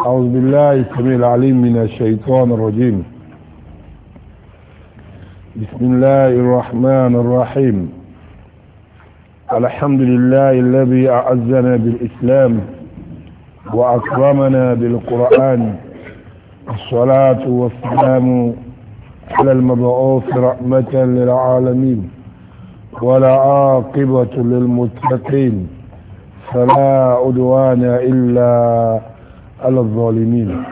أعوذ بالله السميع العليم من الشيطان الرجيم بسم الله الرحمن الرحيم الحمد لله الذي أعزنا بالإسلام وأكرمنا بالقرآن الصلاة والسلام على المبعوث رحمة للعالمين ولا عاقبة للمتقين فلا عدوان إلا على الظالمين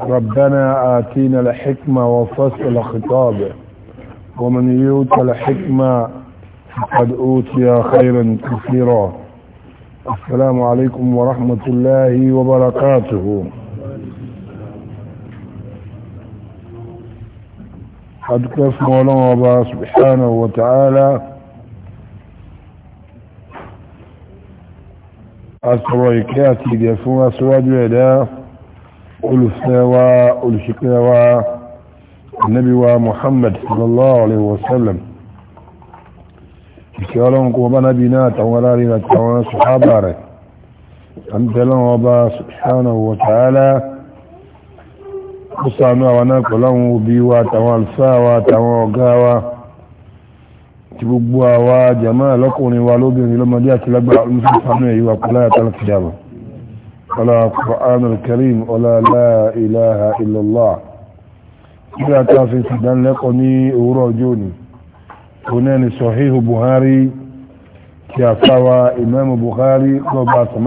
ربنا آتينا الحكمة وفصل خطابه ومن يوت الحكمة فقد أوتي خيرا كثيرا السلام عليكم ورحمة الله وبركاته قد كيف مولانا الله سبحانه وتعالى asọ̀rọ̀ ìkẹ́ àti ìdẹ̀ fún aṣíwájú ẹ̀dá olùfẹ́wà olùṣìkẹ́wà annabiwa muhammad sallallahu alaihi wasallam ìkẹ́ ọlọ́run kó bá nábi náà tàwọn alárin àti àwọn sọ̀hábà rẹ̀ an tẹ́lọ́n ọba wa ta'ala wa tàwọn alfáà wa tàwọn ọ̀gá ti gbogbo àwa jama lọ́kùnrin wa lóbìnrin lọ́mọdé àti lágbàá olùsọ́ sánú èyí wa kò láyà tọ́lá kìjàmà ọlá Qur'an al-Karim ọlá la ilaha illallah ilé àtàfin ìdánilẹ́kọ̀ọ́ ní òwúrọ̀ ọjọ́ òní tó náà ni Sahihu Buhari ti àfáwa Imam Buhari lọ́ba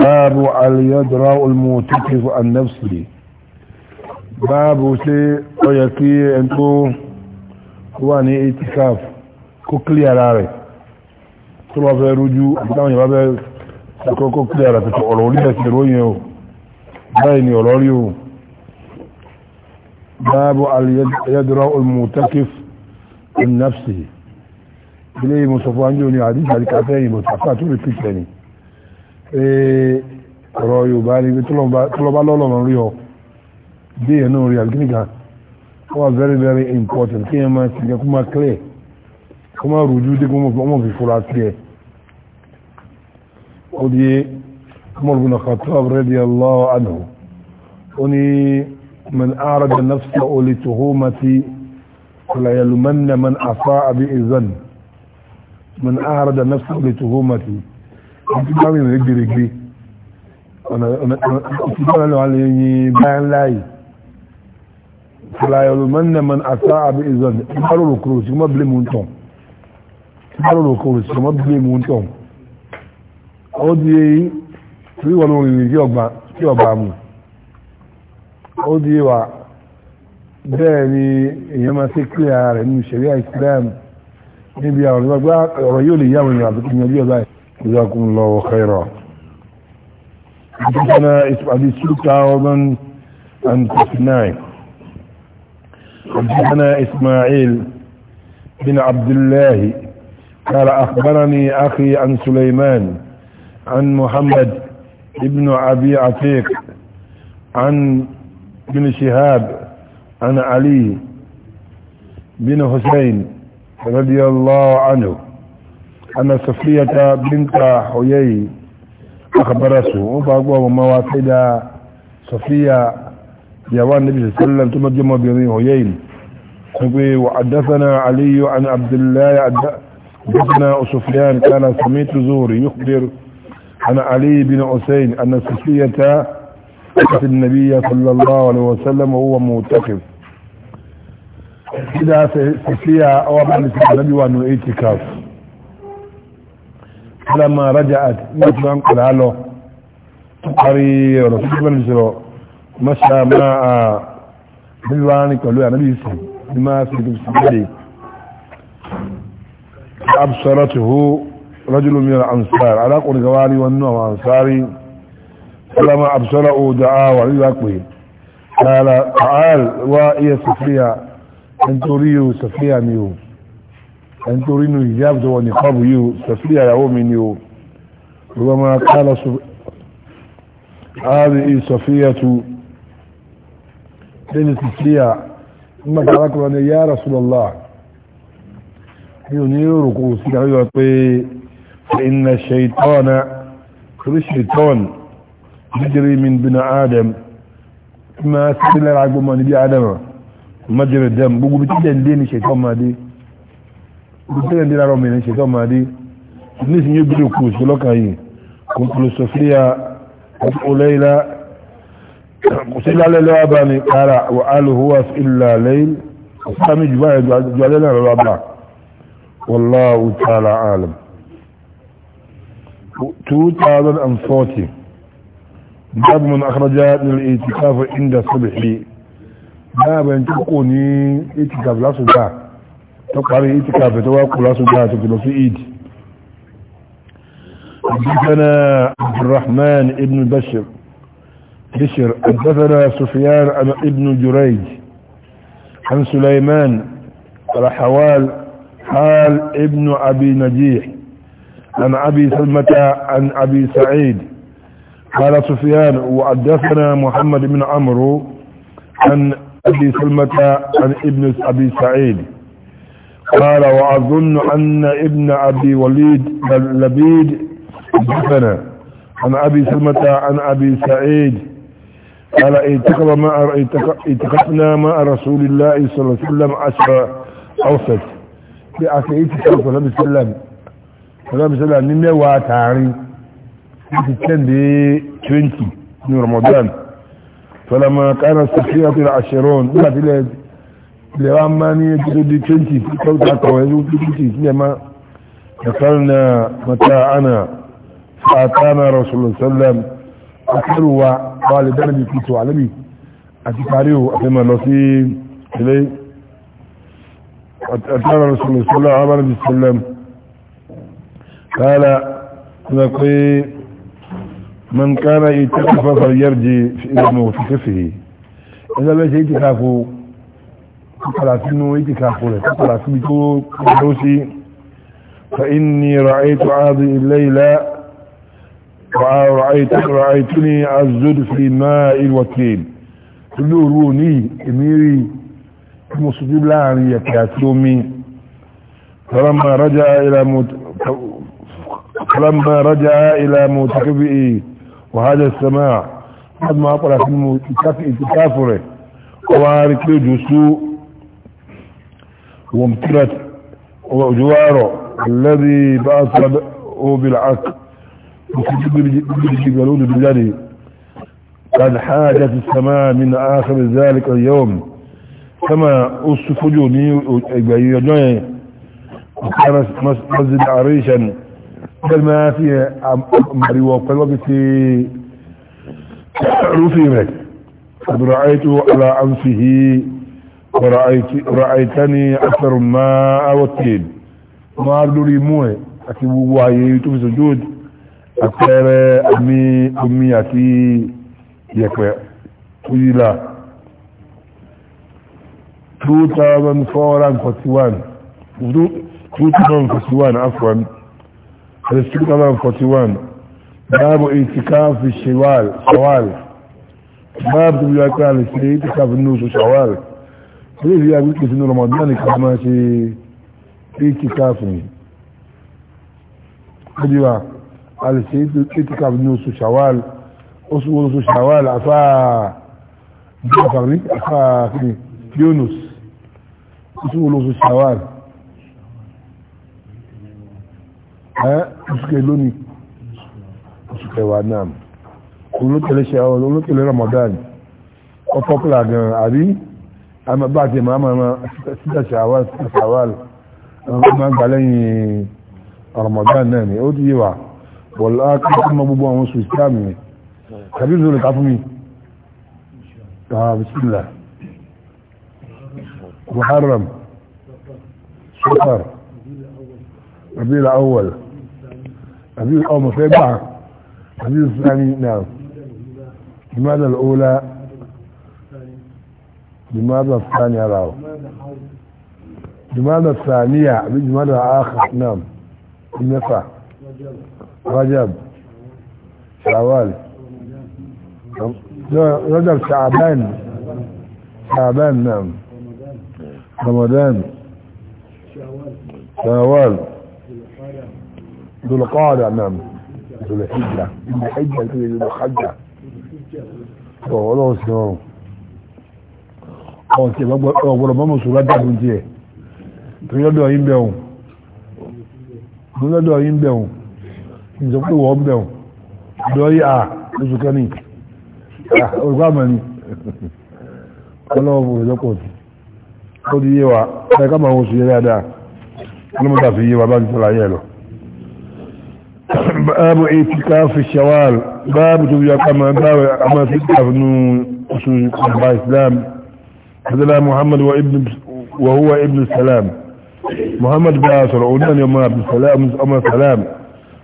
باب هل يدرى المعتكف عن نفسه باب سي ويكي انتو واني اتكاف كوكلي على tó bá fẹ́ rújú àtàwọn ìyàbá bẹ́ ẹ̀kọ́kọ́ kí ara tẹ̀tọ̀ ọ̀rọ̀ orí ẹ̀sẹ̀ ròyìn o báyìí ni ọ̀rọ̀ rí o báàbù alìyẹ́dọ́rọ̀ olùmọ̀tẹ́kif ìnáfsì ilé ìmọ̀sọ̀fọ́ anjú ni àdíjà àríkàfẹ́ ìmọ̀sọ̀fọ́ àtúrò pìtẹ̀ ni ọ̀rọ̀ yorùbá ni tọ́lọ́bá lọ́lọ́rọ̀ rí ọ bí ẹ̀ náà rí àgbínìkà ó wà very very important kí ẹ máa tìjẹ́ kó máa clear kó máa rújú dé kó mọ̀ fi fura sí ẹ ó di Umar bin Khattab radiyallahu anhu ó ní man arada nafsa ó lè tuhumati falayalumanna man afa abi izan man arada nafsa ó lè tuhumati ìdúgbà mi rẹ̀ gbèrègbè ọ̀nà lọ́wọ́ lè yin báyán láàyè fìlàyọ̀lù mọ́nàmọ́n àtà àbí ìzọ̀nì ìbáròrò kòrò sí mọ́ bílé mú ń tàn ìbáròrò kòrò sí mọ́ bílé mú ń tàn ó di èyí tí wọ́n lórí rìn tí ọba mú ó di wà ni èyàn máa ṣe جزاكم الله خيرا حدثنا اسم سلطة ومن عن تسناي حدثنا اسماعيل بن عبد الله قال اخبرني اخي عن سليمان عن محمد ابن ابي عتيق عن بن شهاب عن علي بن حسين رضي الله عنه أن صفية بنت حيي أخبرته وما واحدة صفية يوان النبي صلى الله عليه وسلم ثم جمع بين حيين وحدثنا علي عن عبد الله حدثنا سفيان كان سميت زوري يخبر عن علي بن حسين أن صفية أتت النبي صلى الله عليه وسلم وهو معتكف إذا صفية أو بعد النبي وأنه اعتكاف لما رجعت مثلا قال له قري رسول الله صلى مشى مع بالوان قالوا يا نبي بما في سبيلي أبصرته رجل من الأنصار على قول جواري والنوم أنصاري فلما أبصره دعا وعلي أقوي قال تعال وإيه سفريا أن تريد سفريا ميوم ẹni tó rí inú ìjáàbù tó wọ ní kọ́ọ̀bù yìí o sọ̀sílẹ̀ ìyàwó mi ni o ìwọ́n máa ká lọ sọ هذه صفية بنت صفية ثم قالت له يا رسول الله ينير قوسي فإن الشيطان كل الشيطان يجري من بن آدم ما سبيل العقب من بي آدم مجرى الدم بقول بتجن دين الشيطان ما دي ìpínlẹ̀ ìdílé ara ọmọ ìrìn ṣètò ọmọ adé nísìnyí gbúdọ̀ kù sí lọ́kàn yìí kò kúrò sọfíà ọlẹ́ìlá kò sí lálẹ́ lọ́wọ́ bá ní kára wà alùhùwà ìlà lẹ́yìn ọ̀sámi jù báyìí jù alẹ́ náà lọ́wọ́ bá wallahu ta'ala alam 2040 باب من أخرج للإتكاف عند الصبح باب أن تكوني إتكاف لا صباح tó parí ìtìkàfẹ́ tó wá kú lásùgbà àti kìlọ sí ìdí حدثنا عبد الرحمن ابن بشر بشر حدثنا سفيان ابن جريج عن سليمان على حوال حال ابن أبي نجيح عن أبي سلمة عن أبي سعيد قال سفيان وحدثنا محمد بن عمرو عن أبي سلمة عن ابن أبي سعيد قال وأظن أن ابن أبي وليد لبيد جفنا عن أبي سلمة عن أبي سعيد قال اتقف مع اتقفنا مع رسول الله صلى الله عليه وسلم عشر أوسط في بأسعيد صلى الله عليه وسلم صلى الله عليه وسلم نمي واتعري في دي 20 من رمضان فلما كان السفية العشرون ما قلت ilẹ̀ wa máa ní ẹjọ́ di 20 tọ́lùkà kọ̀wé ní 20 sílẹ̀ máa ذكرنا متاعنا فأتانا رسول الله صلى الله عليه وسلم أكثر والدنا بكيتو علمي أتكاريه أتما نصيب إليه أتانا رسول الله صلى الله عليه وسلم قال نقي من كان يتكفى فليرجي إلى موتكفه إذا ما شيء تكافه kọ́kọ́lá sínú ìtìkàkù rẹ̀ kọ́kọ́lá síbi tó kọ́kọ́ sí فإني رأيت هذه الليلة ورأيت رأيتني الزد في ماء الوتين تلوروني إميري المصدب لاني يكاتومي فلما رجع إلى مت... فلما رجع إلى متكبئي وهذا السماع قد ما أطلع في المتكافئ تكافره وارك جسوء وامتلت وجواره الذي بأصل بالعك بالجبلود بالجلي قد حاجة السماء من آخر ذلك اليوم كما أصفجوا ني وكان مسجد عريشا بل ما فيه مريوة قلوة في رفيمك قد رأيته على أنفه ra'aitani asar ma'a wakil ma lórí mú ẹ̀ àti gbogbo ayé tó fi sojúd àpẹẹrẹ àmì omi àti yẹ̀pẹ̀ tó yílá 2441 2441 afwan 2441 babu itikafi shawal shawal babu tó bí wáyé kí a lè ṣe itikafi ní oṣù shawal ilé ìlú agbègbè sínú Ramadan nìkan máa ṣe ìtìkáàfù yìí ọdíwà alìsẹ́ ìtìkáàfù ní oṣù Shawwal oṣù oṣù Shawwal afá jafari afá kìí Yunus oṣù oṣù Shawwal ẹ́ oṣù kẹlónì oṣù kẹwàá náà olókèlè Shawwal olókèlè Ramadan ọtọ́kùlà gan-an àbí àmà bá ti máa máa síta ṣàwàl síta ṣàwàl máa gbà lẹ́yìn Ramadan náà ni ó ti yíwa wọ̀lá kí mọ́ gbogbo àwọn oṣù islam ni tàbí ìṣòro ká fún mi bisimila muharram sọ́fàr rabi al-awwal rabi al-awwal fẹ́ gbà rabi al-thani náà jumada al-ula جمادى الثانية راو جمادى الثانية بجمادى آخر نعم النفع رجب شوال رجب شعبان شعبان نعم رمضان شوال ذو القعدة نعم ذو الحجة ذو الحجة ذو الحجة ذو الحجة ọ̀tẹ̀ ọ̀gbọ̀rọ̀ mọ́mọ̀ sọ̀rọ̀ dàbí ti ẹ̀ tó lọ́dọ̀ yín bẹ̀ òun tó lọ́dọ̀ yín bẹ̀ òun ìjọ pé wọ́n bẹ̀ òun lọ́yí à lóṣù kan olùkọ́ àmọ́ ni ọlọ́wọ́ ìjọ pọ̀ ó di yé wa ẹ ká máa ń oṣù yẹ dáadáa ọlọ́mọdà fi yé wa bá ń tọ́lá yẹ lọ. báàbù etí ká fi ṣàwàl báàbù tó fi yà ká máa báwẹ̀ حدثنا محمد وابن وهو ابن السلام محمد بن سرعونان يوم ابن السلام أما السلام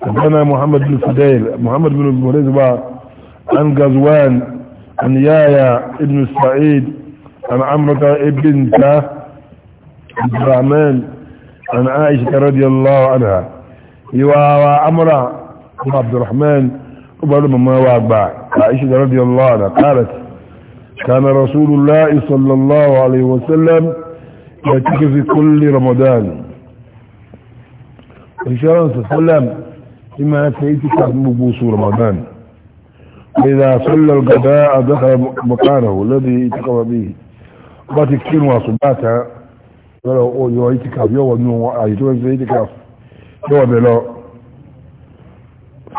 حدثنا محمد بن سديل محمد بن المريزبا عن غزوان عن يايا ابن السعيد عن عمرة ابن عبد الرحمن عن عائشة رضي الله عنها يوا عمرة عبد الرحمن وبعد ما واقع عائشة رضي الله عنها قالت كان رسول الله صلى الله عليه وسلم يأتيك في كل رمضان إن شاء الله صلى الله عليه وسلم إما أتيتك مبوس رمضان إذا صلى الغداء دخل مكانه الذي اتقب به وتكين وصباتها ولو في يوم يوعيتك يوم بلو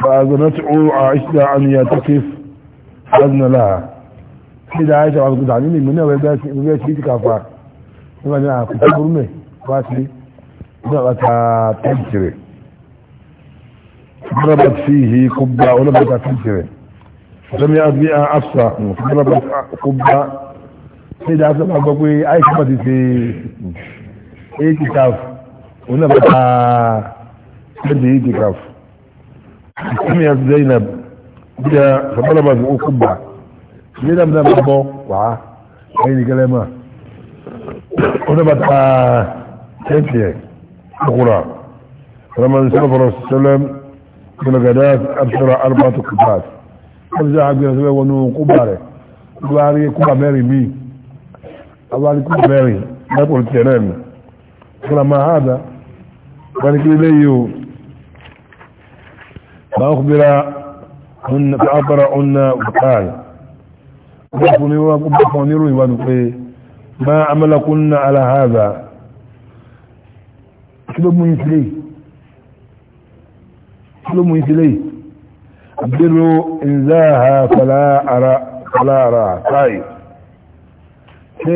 فأذنته عائشة أن يتكف أذن لها sai da aisha wasu guda nini muna wai biya shi cika fa kuma na kusa gurme ba shi ina ba ta tankire rabat fihi kubba wala ba ta tankire lam ya bi an afsa rabat kubba sai da aka ba ní dáadáa máa bọ́ wàá ẹ̀yìn nìkẹ́lẹ́ máa ó dábàá ta tẹ́ǹtì ẹ̀ ọkùnrà ramani sọ́lọ́fọ́rọ́ sẹ́lẹ̀m gbẹ̀lẹ̀gàdá abṣọ́ra albatu kubat wọ́n ti dáa gbẹ̀rẹ̀ sẹ́lẹ̀ wọnú kúbà rẹ̀ wọ́n rí kúbà mẹ́rin míì wọ́n mi fúnra máa hàdá wọ́n ní kí lélẹ́yìí o bá ń kúbira ọ̀nà wùtáyì gbọ́fún wọn ní ròyìn wọn pé ma amalakun na alahaza kí ló mú yí sílé kí ló mú yí sílé abdullo inzaha falara táì ṣe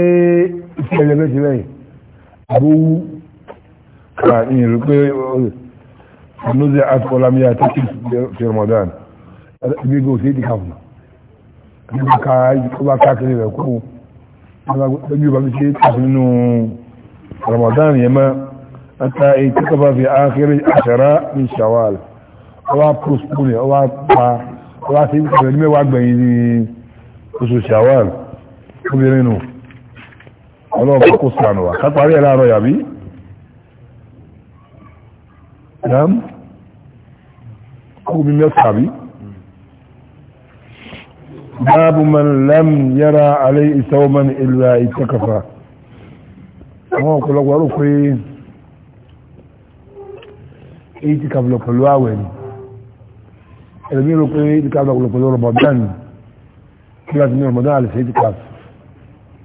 iṣẹ́ ẹgbẹ́ sílẹ̀ abúwú ka ìrìn pé ọ̀nà zai àtọ́lámíyà tẹ́kì fi ramadan ibi gò sí ìdíkàfún níbi ká ọba káàkiri rẹ̀ kú lójú ọba fi ṣe nínú Ramadan yẹn mọ́ ata ìkẹ́kọ̀ọ́ fi ákéré àṣàrá ní Shawwal ọba postpone ọba pa ọba sí ìkẹ́kọ̀ọ́ ní mẹ́wàá gbẹ̀yìn ní oṣù Shawwal obìnrin nù ọlọ́ọ̀bọ̀ kó sànù wà ká ẹ̀ láàárọ̀ yàbí yàm kó bí mẹ́ta bí. باب من لم يرى عليه سوما إلا اتكفى àwọn ọ̀pọ̀lọpọ̀ rò pé èyí ti kàbùlọ̀ pẹ̀lú àwẹ̀ ni ẹ̀lẹ́mí rò pé èyí ti kàbùlọ̀ pẹ̀lú Ramadan kí láti ní Ramadan àlèṣe èyí ti kàbù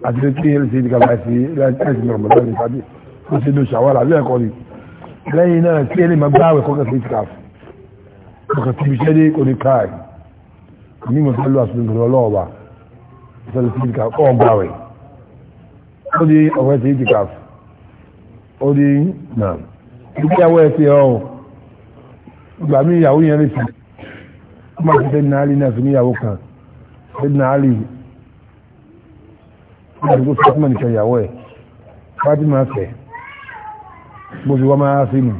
àti lè tí èyí ti kàbù àti láti ní Ramadan ní sábẹ́ ó ṣe ló ṣàwárà lẹ́ẹ̀kọ́ ni lẹ́yìn náà tí èyí máa gbáwẹ̀ kọ́kẹ́ sí èyí ti kàbù kọ́kẹ́ sí ibi ṣẹ́ dé kò ní káàkiri ní mo fẹ́ lọ àṣírí ìgbèrè ọlọ́ọ̀bà ìṣẹ́lẹ̀ sí ìdíkà ọ̀ gbà rẹ̀ ó di ọ̀rẹ́ sí ìdíkà ó di nà ìgbéyàwó ẹ̀ ti ọ̀ gbà mí ìyàwó yẹn lè fi ó máa fi fẹ́ ní alì náà fi níyàwó kan fẹ́ ní alì náà fi kó fatima nìkan ìyàwó ẹ̀ fatima fẹ́ mo fi wá máa fi nù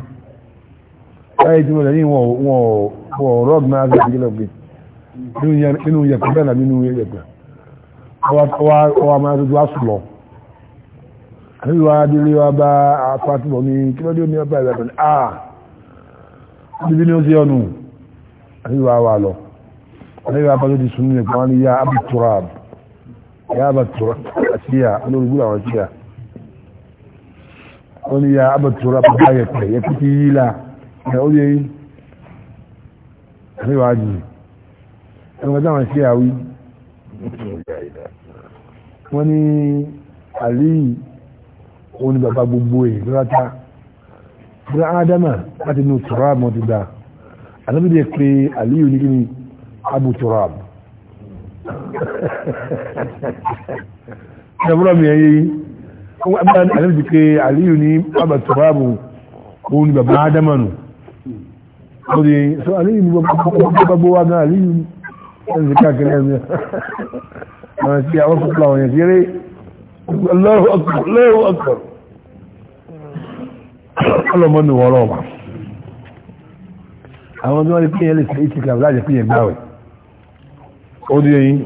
báyìí tí mo lè ní wọn ò máa fi ìdílé ọ̀gbìn nínú yẹ̀pẹ̀ bẹ́ẹ̀ náà nínú yẹ̀pẹ̀ ọwọ́ máa dojú àsùlọ àbí wàá délé wa bá apátúbọ̀ ní kí lọ́dún ní ọgbà ìbàdàn ní àà níbi ní ó sí ọ̀nù àbí wàá wà lọ àbí wàá bájú ti sùn ní ẹ̀kọ́ wọn ni yá abuturab yá abuturab àṣìyà olórúgbó àwọn àṣìyà ó ní yá abuturab bá yẹpẹ̀ yẹpẹ̀ ti yí la ẹ̀ ó yẹ yí àbí wàá jì í ẹgbẹ́ táwọn ṣe àwí wọ́n ní àlíyì òun ni bàbá gbogbo ẹ̀ lọ́ta bí ádámà láti inú turab wọn ti dá àtàbídẹ̀ pé àlíyì ní kíni abu turab ṣàbúrò mi ẹ̀yẹ yìí àtàbídẹ̀ pé àlíyì ní bàbá turab òun ni bàbá ádámà nù ó di sọ àlíyì ní bàbá gbogbo wa gan àlíyì ní ẹ̀sìn káàkiri ẹ̀mí àwọn sí àwọn fúnpọ̀ àwọn yẹn kéré lọ́wọ́ ọkọ̀ ọlọ́mọdún wọ́n lọ́wọ́ àwọn tí wọ́n rí pé yẹn lè ṣe ìtìkà láti pé yẹn gbáwẹ̀ ó dí yẹn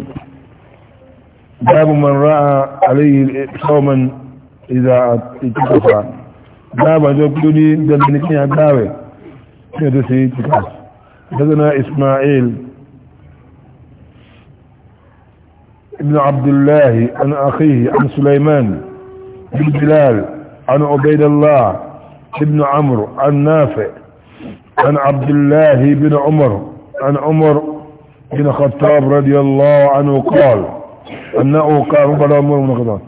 báàbù man ráà àléyìí sọ́ọ̀mọ́n ìdá ìtìkọ̀fà báàbù àjọ pé ó ní dandan ní kí yẹn gbáwẹ̀ kí yẹn tó ṣe ìtìkà dáadáa Ismail ابن عبد الله عن أخيه عن سليمان بن بلال عن عبيد الله بن عمرو عن نافع عن عبد الله بن عمر عن عمر بن خطاب رضي الله عنه قال أنه قال ربنا عمر بن خطاب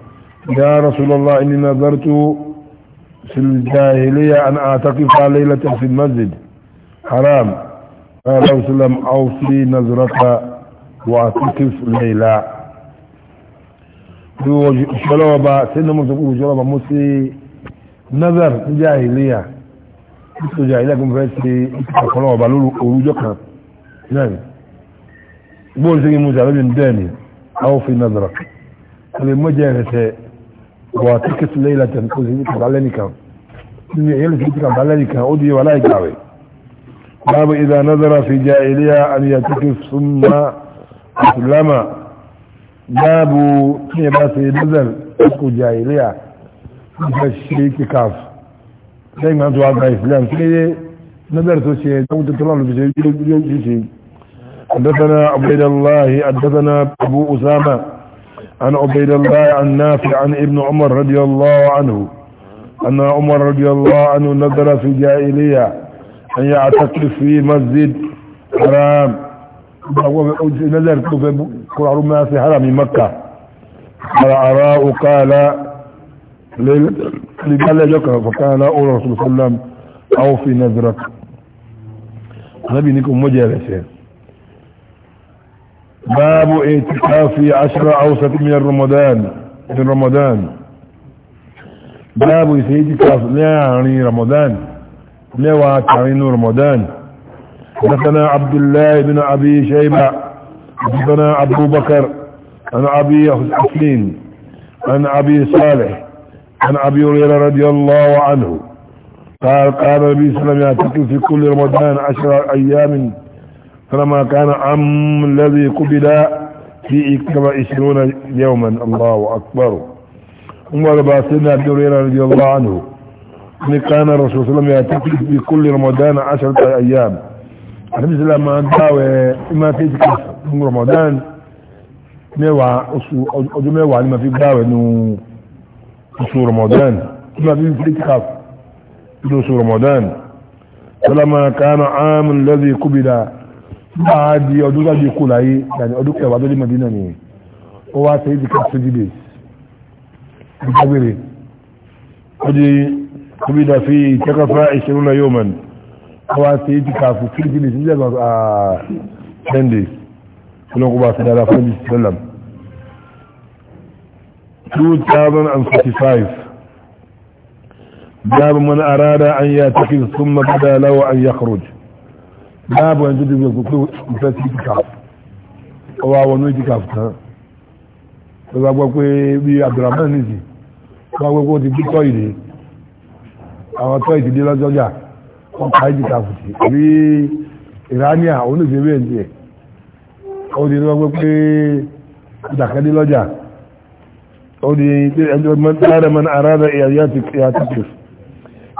يا رسول الله إني نظرت في الجاهلية أن اعتقف ليلة في المسجد حرام قال رسول الله أوفي نظرك واعتقف ليلة bí wọ́n ìṣọ́lọ́wọ́ bá sínú mọ́tò kúrò ìṣọ́lọ́wọ́ bá mú sí nazar ní jahiliya nítorí jahiliya kí mo fẹ́ ṣe ìṣọ́lọ́wọ́ bá lórí orújọ́ kan náà ni bóòlù sí kí mo sàlẹ́ mi dẹ́ni àwọn fi nazara kò lè mọ́ jẹ́ wà á sí lẹ́yìn látẹ̀ kó sì ní kàbá lẹ́nìkan ní èyí lè fi kàbá lẹ́nìkan ó di wà láì báwo ìdá nazara fi jahiliya àníyàn tẹ́kẹ́ súnmọ́ àtìlámà báàbù kí ẹ bá ṣe dẹ́sẹ̀l kò jà ilé à ìfẹ́ ṣe kíkàf lẹ́yìn máa tó wá gba ìfìlẹ̀ kí ní nẹ́bẹ̀rẹ̀ tó ṣe ẹgbẹ́ tó tọ́lá lóṣìṣẹ́ yóò ṣe حدثنا عبيد الله حدثنا ابو اسامه عن عبيد الله عن نافع عن ابن عمر رضي الله عنه ان عمر رضي الله عنه نظر في الجاهليه ان يعتكف في مسجد حرام نذر قرار ما في حرم مكة فأراء قال لما لجك فقال أول رسول صلى الله عليه وسلم أو في نذرك نبي نكم مجالسة باب اعتكاف عشر أوسط من رمضان من رمضان باب اعتكاف لا يعني رمضان لا وعد رمضان حدثنا عبد الله بن أبي شيبة حدثنا أبو بكر عن أبي حسين عن أبي صالح عن أبي هريرة رضي الله عنه قال قال النبي صلى الله عليه وسلم يعتكف في كل رمضان عشر أيام فلما كان عم الذي قبل في اكثر عشرون يوما الله أكبر عمر باسلنا أبي هريرة رضي الله عنه كان الرسول صلى الله عليه وسلم يعتكف في كل رمضان عشرة أيام àdébìsí la máa dáwẹ̀ imáfíìsì fún Ramadan mẹ́wàá oṣù ọjọ́ mẹ́wàá ni ma fi gbáwẹ̀ nù oṣù Ramadan tí ma fi fi kaf nù oṣù Ramadan tọ́lámà kánà áàmù lẹ́bí kúbìlà bá di ọdún sáàbí kú láyé yàní ọdún kẹwàá tó lè Madina ni ó wá sí ìdíkà twenty days ìdágbére ó di kúbìlà fi ìtẹ́kọ̀fà ìṣẹ́rúnà yóò mẹ́rin wá ah, sí ìjìká fún kí kí lè sí jẹ́gbà à 10 days olóko bá sọ́dára fún ìjì sọ́làm 2045 báàbù mọ́nà àrádá an yà tàkì sun mọ́bàdà láwọ́ an yà kọrọj báàbù an jẹ́ dìbò pé ìfẹ́ sí ìjìká ọwá wọnú ìjìká fún tán ó bá gbọ́ pé bí abdulrahman nìsí wọ́n gbọ́ pé ó ti bí tọ́ ìdí àwọn tọ́ ìdí lọ́jọ́jà wọn kà á jì ká fùtì rí ìránìà oníṣẹ́ bẹ́ẹ̀ ní ẹ̀ ó di ní wọ́n gbé pé ìdàkadé lọ́jà ó di ẹjọ́ mẹ́tàlá mẹ́ta aráàlá ìyàtìkì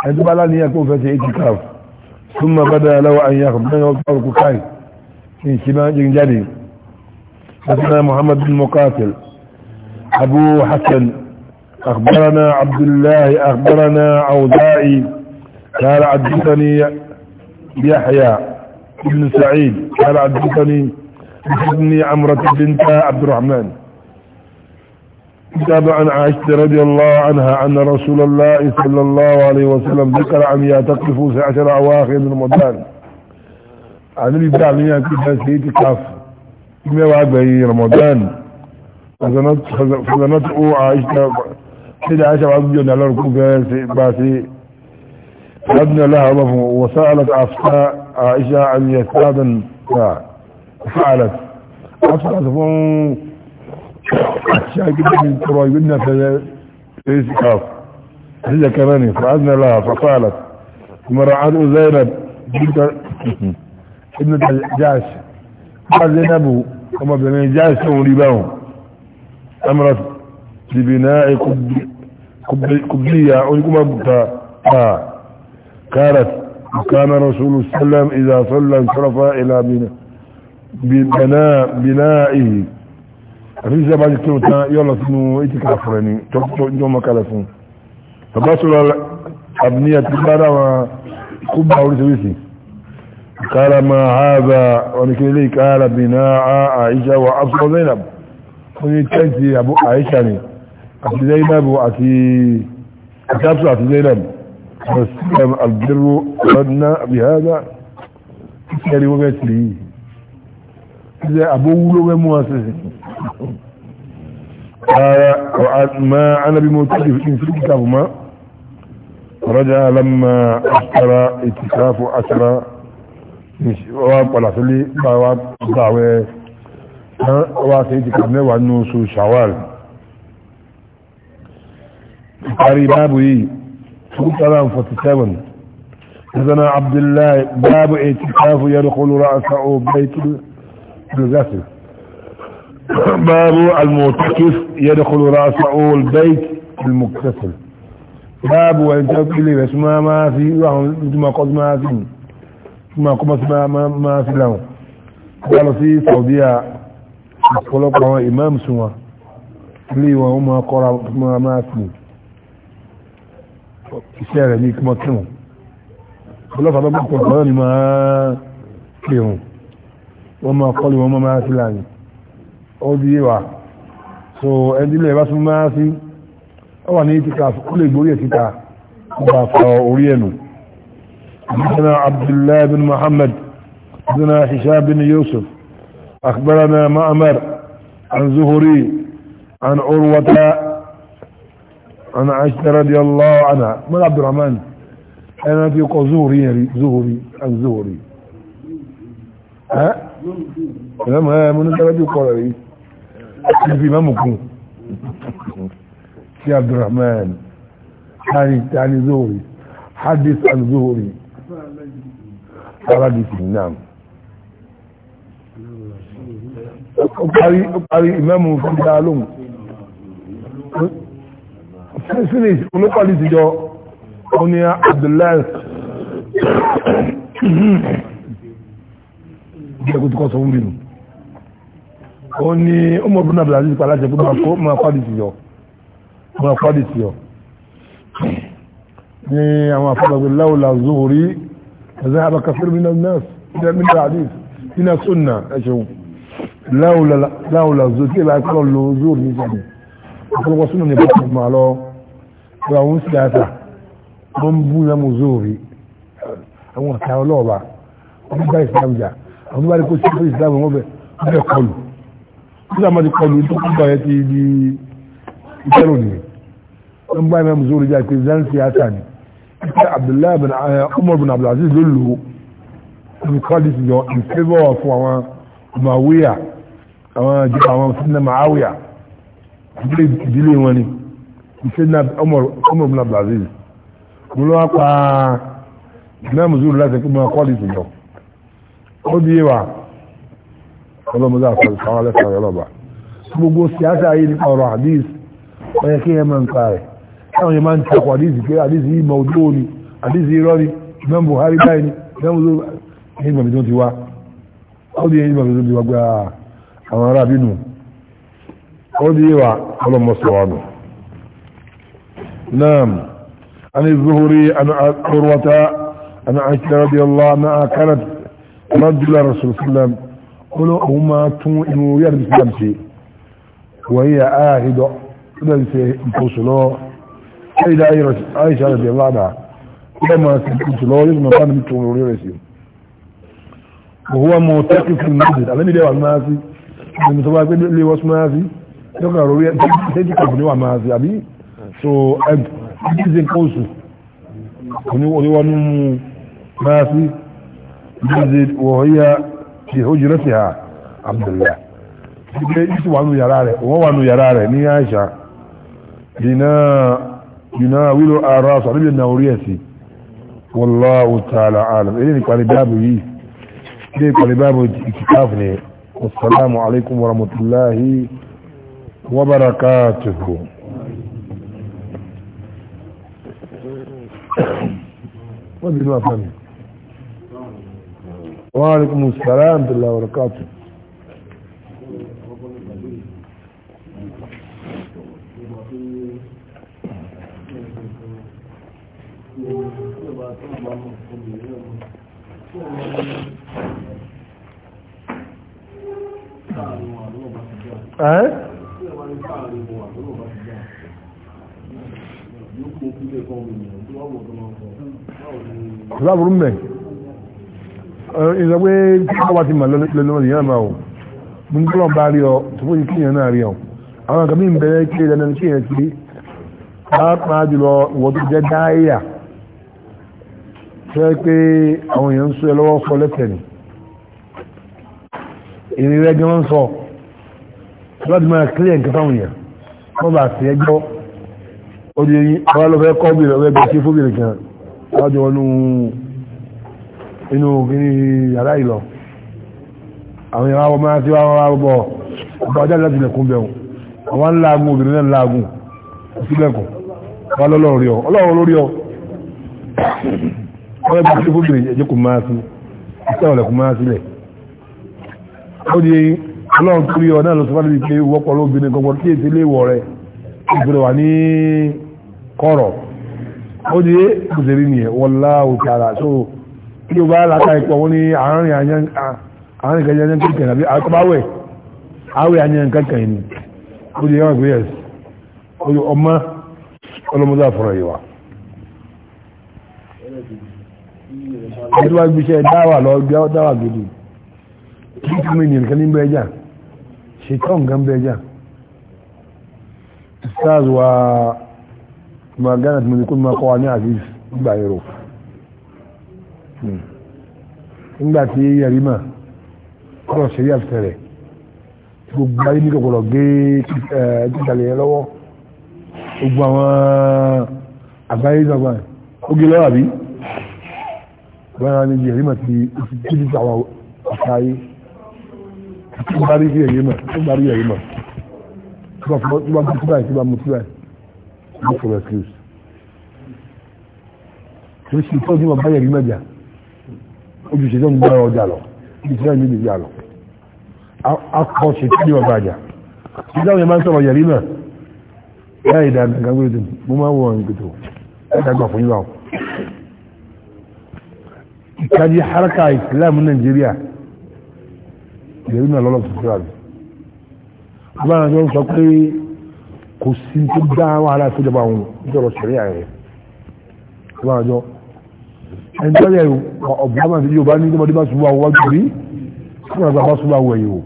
ẹjọ́ bá láni ẹ̀kọ́ fẹ́ ṣe èkì káf tún ma bá dára lọ́wọ́ àyíyá kan bẹ́ẹ̀ wọ́n kọ́ káì ní ìṣiná jìn jáde حدثنا محمد بن مقاتل أبو حسن أخبرنا عبد الله أخبرنا عودائي قال عدثني يحيى بن سعيد قال عدثني ابني عمرة بنت عبد الرحمن كتاب عن عائشة رضي الله عنها أن رسول الله صلى الله عليه وسلم ذكر أن يعتقفوا في عشر أواخر من رمضان عن الإبداع لنا كتاب سيد كاف كما وعد به رمضان فزنته عائشة سيد عائشة وعد بجون على ركوب باسي أدنى لها رفه وسألت عفاء عائشة عن يسادا فعلت أصحت فون شاكد من تروي قلنا في إسكاف هي كمان فأذن لها فقالت مرعات زينب بنت ابنة جاش قال زينب وما بني جاش ولباهم أمرت ببناء قبلية قبلية ولكم قالت وكان رسول السلام إذا صلى انصرف إلى بناء بناء بنائه رجع بعد كلمة يلا سنو إتك أفرني جوما كالسون فبصر أبنية كبارة وكبة ورسوسي قال ما هذا ولكن لي قال بناء عائشة وأبصر زينب وني أبو عائشة أبو زينب وأتي أتي أتي زينب والسلام البر أردنا بهذا كاري وقت لي إذا أبوه ومؤسسه قال ما أنا بمتلف في الكتاب ما رجع لما أشترى اتكاف أشرى مش واب ولا سلي واب دعوة واسي اتكافنا وأنه شوال قال بابه 47. حدثنا عبد الله باب اعتكاف يدخل رأسه بيت الغسل باب المعتكف يدخل رأسه البيت المكتسل باب وان تقل بس ما ما في ما قد ما في ما قمت ما ما, ما في له قال في السعودية يقولوا امام سوا لي وهم قرأ ما ما في iṣẹ́ rẹ̀ ní kí wọ́n kírun ọlọ́pàá bá gbọ́kọ̀ ọ̀rọ̀ ni máa kírun wọ́n máa kọ́lù wọn máa sí láàyè ó di wà so ẹdílẹ̀ bá sún máa sí ó wà ní tíkà kó lè gbórí ẹ̀ ọba fọ orí ẹnu حدثنا عبد الله بن محمد حدثنا هشام بن يوسف أخبرنا معمر عن زهري عن عروة أنا عائشة رضي الله عنها من عبد الرحمن أنا في زهري زهري الزهري ها لم ها من الذي قال لي في إمامكم يا عبد الرحمن يعني يعني زهري حدث عن زهري حدث نعم أقري أقري إمامه في العلوم sílẹ̀ olókọ́lì ti jọ oní Abdullahi jẹ́kù tó kọ́ sọ fún mi nù ó ní ọmọ ọdún náà bìláàdì pa láti ẹgbẹ́ máa kọ́lì ti jọ máa kọ́lì ti jọ ní àwọn afọ́gbàgbé láwùlà zuhuri ẹ̀zẹ́ abakasir mina nas ilẹ̀ mina hadith mina sunna ẹ̀ṣẹ̀wò láwùlà zuhuri tí ìlà ẹ̀kọ́ lọ zuhuri ní sẹ́yìn ọ̀pọ̀lọpọ̀ sunna ní bá tó máa lọ ìwà òun sì dáta wọ́n ń bú lẹ́mú zóòrí àwọn ọ̀tá ọlọ́ọ̀bá wọ́n bá islam jà àwọn bá rí kó sí fún islam wọ́n bẹ̀ wọ́n bẹ̀ kọlù wọ́n sàmọ́ ti kọlù tó kú báyẹn ti di ìtẹ́rù nìyẹn wọ́n bá imam zóòrí jà pé zansi ata ni ìtẹ́ abdullahi bin eh, umar bin abdulaziz ló lò ó ní kọ́ dis yọ in favour fún àwọn mawiya àwọn jẹ́ àwọn sinna mawiya ìdílé wọn ni ìṣẹ́nà ọmọ ìbùnà brazil mo lọ́wọ́ pa wa ọlọ́mọdé àfẹ́lẹ́ sáwọn alẹ́sàn yọlọ́ba gbogbo síásà yìí nípa ọ̀rọ̀ hadith ọyẹ kí ẹ máa ń pa rẹ̀ táwọn yẹn máa ń takọ̀ hadith pé hadith yìí mọ̀ ojú òní hadith yìí rọ́ni ìmọ̀ Buhari báyìí ni ìmọ̀ mùsùlùmí ẹ̀yìn ìgbàmí tó ti wá ó di tó ti wá gba نعم عن الزهري عن عروة عن عائشة رضي الله عنها كانت رجل رسول الله عليه وسلم قلوا هما تنو يرد سلامتي وهي آهدة ليس انتصلوا سيدة عائشة رضي الله عنها لما انتصلوا يسمى كان بتنو يرسل وهو معتكف في المسجد ألم يدعو الماسي المتواقع لي واسمه هذه يقرأ رؤية تجي كفني وعماسي أبي so ẹgbẹ́ nǹkan oṣù oníwọ́nú máa sí jíze wọ̀nyá ti hujjira ti ha abdullahi ṣíkẹ́ yíṣù wà nù yàrá rẹ̀ wọ́n wà nù yàrá rẹ̀ ní àṣà dina dina wílò ara sọ níbi na orí ẹ̀sì wallahu ta'ala alam ilé ní pàrí báàbù yìí ilé pàrí báàbù ìtìkáf ni assalamu alaikum warahmatullahi wabarakatuhu wọ́n bínú àfẹ́mi wọ́n á rí kún sàrá àǹtìlá ọ̀rọ̀ káàtù Ẹ́ kòtò àbúrú mẹ́ ìsọgbé káwà ti mà lọ́lọ́wọ́ ìyá àmà ò mú ní kọ́lọ̀ bá rí ọ tó fún ìkíyàn náà rí ọ àwọn àgbà mí bẹ̀rẹ̀ kí ẹ̀rẹ́ náà kíyàn kiri pàápàá jùlọ ìwọ tó jẹ́ dáìyà fẹ́ pé àwọn èèyàn ń sọ ẹ lọ́wọ́ sọ lẹ́sẹ̀ ni ìrìn rẹ̀ gan sọ láti máa kílẹ̀ nǹkan fáwọn èèyàn wọ́n bá sí ẹjọ́ ó di eyín àwọn lọ fẹ́ kọ́ bìrì ọ̀rẹ́ bẹ̀ sí fóbìrì kan lájọ wọn inú kìíní yàrá ìlọ àwọn ìyàwó ọmọ máa ti wá wọn bọ̀ ọba ọjà láti lẹ̀kún bẹ̀rù àwọn ń laagun obìnrin náà ń laagun sílẹ̀kùn wọn lọ́lọ́run rí ọ ọlọ́run lórí ọ ọ̀rẹ́ bẹ̀ sí fóbìrì ẹ̀jẹ̀ kò máa sí iṣẹ́ ọ̀lẹ̀kùn máa sílẹ̀ ó di eyín ọlọ́run torí ọ náà lọ sọ fún mi pé wọ́pọ̀ lóbìnrin gbọ́gbọ́ kí èsì ilé ìwọ̀ rẹ̀ ìgbèrè wà ní kọ́rọ̀ ó di òṣèré nìyẹn wallahu ta'ala so kí o bá láta ipò wọn ní àárín àárín kanyan kankan àbí àtọ́báwẹ̀ àwẹ̀ àyàn kankan ni ó di ẹwà pé yẹs ó di ọmọ ọlọ́mọdé àfọ̀rọ̀ yìí wa. ẹni wá gbéṣẹ́ dáwà lọ dáwà gidi kí kí mi nìkan ní bẹ́ẹ̀ jà ṣètọ́ nǹkan bẹ́ẹ̀ jà. Ustaz wa ma gánà tí mo ní kó máa kọ́ wa ní aziz gbà èrò nígbà tí yẹrí mà kọ́rọ̀ ṣe yà fẹ́rẹ̀ gbogbo ayé ní kòkòrò gé títàlẹ̀ yẹn lọ́wọ́ gbogbo àwọn àgbáyé ìjọba ó gé lọ́wọ́ àbí báyọ̀ ní yẹrí mà ti títí àwọn àṣàyé tó bá rí yẹrí mà tó bá rí yẹrí mà tó bá bá mú síbáyìí not from accused kìí ṣe ìtọ́jú wọn báyẹ̀ rí mẹ́jà ojúṣe tó ń gbára ọjà lọ ìṣẹ́ ìlú ìjà lọ akọ ṣe tí wọn bàjá ìjọ yẹn máa ń sọ̀rọ̀ yẹ̀rí náà yá ìdá gàgbé tó mo máa wọ ọ̀rìn kìtò ẹ̀ka gbà fún yíwá o ìkàdí haraka ìsìláàmù nàìjíríà yẹ̀rí náà lọ́lọ́ tuntun àbí abáyọ̀ sọ pé kò sí tó dá wàhálà tó jọba òun nítorọ̀ sẹ̀ríà rẹ̀ tó máa jọ ẹni tó yẹ ọ̀bùnàmà tí yorùbá ní tọmọdé bá ṣubú àwọn wájú rí tí wọn bá ṣubú àwọn ẹ̀yìn wò